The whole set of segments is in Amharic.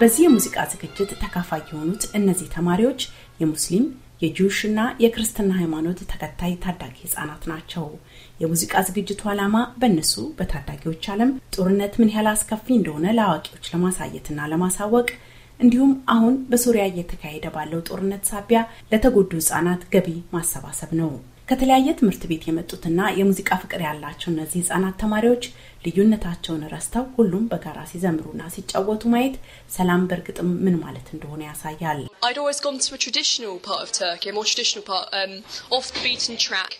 በዚህ የሙዚቃ ዝግጅት ተካፋይ የሆኑት እነዚህ ተማሪዎች የሙስሊም የጂውሽ እና የክርስትና ሃይማኖት ተከታይ ታዳጊ ህጻናት ናቸው። የሙዚቃ ዝግጅቱ ዓላማ በእነሱ በታዳጊዎች አለም ጦርነት ምን ያህል አስከፊ እንደሆነ ለአዋቂዎች ለማሳየትና ለማሳወቅ እንዲሁም አሁን በሶሪያ እየተካሄደ ባለው ጦርነት ሳቢያ ለተጎዱ ህጻናት ገቢ ማሰባሰብ ነው። ከተለያየ ትምህርት ቤት የመጡትና የሙዚቃ ፍቅር ያላቸው እነዚህ ህጻናት ተማሪዎች ልዩነታቸውን ረስተው ሁሉም በጋራ ሲዘምሩና ሲጫወቱ ማየት ሰላም በእርግጥም ምን ማለት እንደሆነ ያሳያል። um,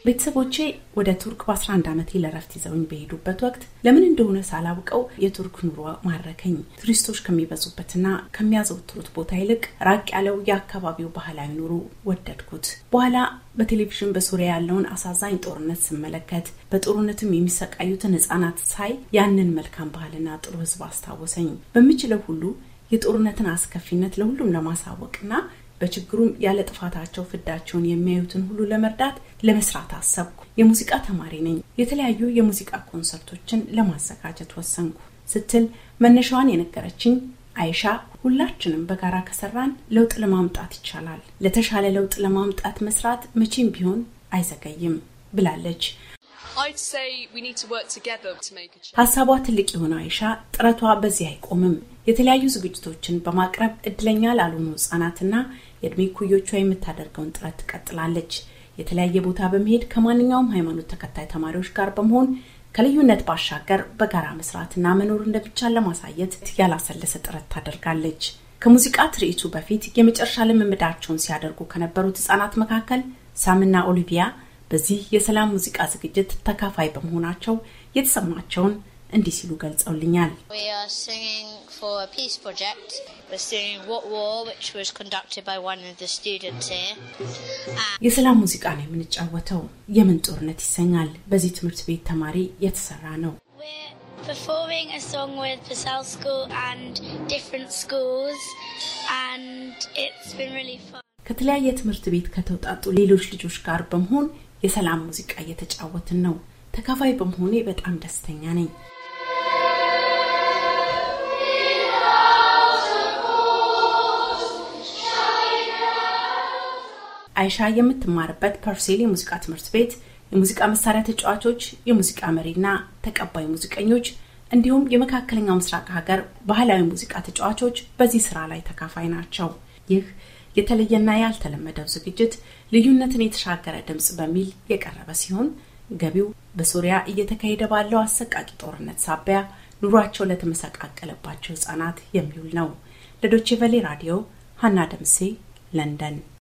ቤተሰቦቼ ወደ ቱርክ በ11 ዓመቴ ለረፍት ይዘውኝ በሄዱበት ወቅት ለምን እንደሆነ ሳላውቀው የቱርክ ኑሮ ማረከኝ። ቱሪስቶች ከሚበዙበትና ከሚያዘወትሩት ቦታ ይልቅ ራቅ ያለው የአካባቢው ባህላዊ ኑሮ ወደድኩት። በኋላ በቴሌቪዥን በሱሪያ ያለውን አሳዛኝ ጦርነት ስመለከት በጦርነትም የሚሰቃዩትን ህጻናት ሳይ ያንን መልካም ባህልና ጥሩ ህዝብ አስታወሰኝ። በምችለው ሁሉ የጦርነትን አስከፊነት ለሁሉም ለማሳወቅና በችግሩም ያለ ጥፋታቸው ፍዳቸውን የሚያዩትን ሁሉ ለመርዳት ለመስራት አሰብኩ። የሙዚቃ ተማሪ ነኝ። የተለያዩ የሙዚቃ ኮንሰርቶችን ለማዘጋጀት ወሰንኩ ስትል መነሻዋን የነገረችኝ አይሻ ሁላችንም በጋራ ከሰራን ለውጥ ለማምጣት ይቻላል። ለተሻለ ለውጥ ለማምጣት መስራት መቼም ቢሆን አይዘገይም ብላለች። ሀሳቧ ትልቅ የሆነው አይሻ ጥረቷ በዚህ አይቆምም። የተለያዩ ዝግጅቶችን በማቅረብ እድለኛ ላልሆኑ ህጻናትና የእድሜ ኩዮቿ የምታደርገውን ጥረት ትቀጥላለች። የተለያየ ቦታ በመሄድ ከማንኛውም ሃይማኖት ተከታይ ተማሪዎች ጋር በመሆን ከልዩነት ባሻገር በጋራ መስራትና መኖር እንደሚቻል ለማሳየት ያላሰለሰ ጥረት ታደርጋለች። ከሙዚቃ ትርኢቱ በፊት የመጨረሻ ልምምዳቸውን ሲያደርጉ ከነበሩት ህጻናት መካከል ሳምና ኦሊቪያ በዚህ የሰላም ሙዚቃ ዝግጅት ተካፋይ በመሆናቸው የተሰማቸውን እንዲህ ሲሉ ገልጸውልኛል። የሰላም ሙዚቃ ነው የምንጫወተው። የምን ጦርነት ይሰኛል። በዚህ ትምህርት ቤት ተማሪ የተሰራ ነው። performing a song with School and different schools and it's been really fun. ከተለያየ ትምህርት ቤት ከተውጣጡ ሌሎች ልጆች ጋር በመሆን የሰላም ሙዚቃ እየተጫወትን ነው። ተካፋይ በመሆኔ በጣም ደስተኛ ነኝ። አይሻ የምትማርበት ፐርሴል የሙዚቃ ትምህርት ቤት የሙዚቃ መሳሪያ ተጫዋቾች፣ የሙዚቃ መሪና ተቀባይ ሙዚቀኞች እንዲሁም የመካከለኛው ምስራቅ ሀገር ባህላዊ ሙዚቃ ተጫዋቾች በዚህ ስራ ላይ ተካፋይ ናቸው። ይህ የተለየና ያልተለመደው ዝግጅት ልዩነትን የተሻገረ ድምፅ በሚል የቀረበ ሲሆን ገቢው በሱሪያ እየተካሄደ ባለው አሰቃቂ ጦርነት ሳቢያ ኑሯቸው ለተመሰቃቀለባቸው ህጻናት የሚውል ነው። ለዶቼቨሌ ራዲዮ ሀና ደምሴ ለንደን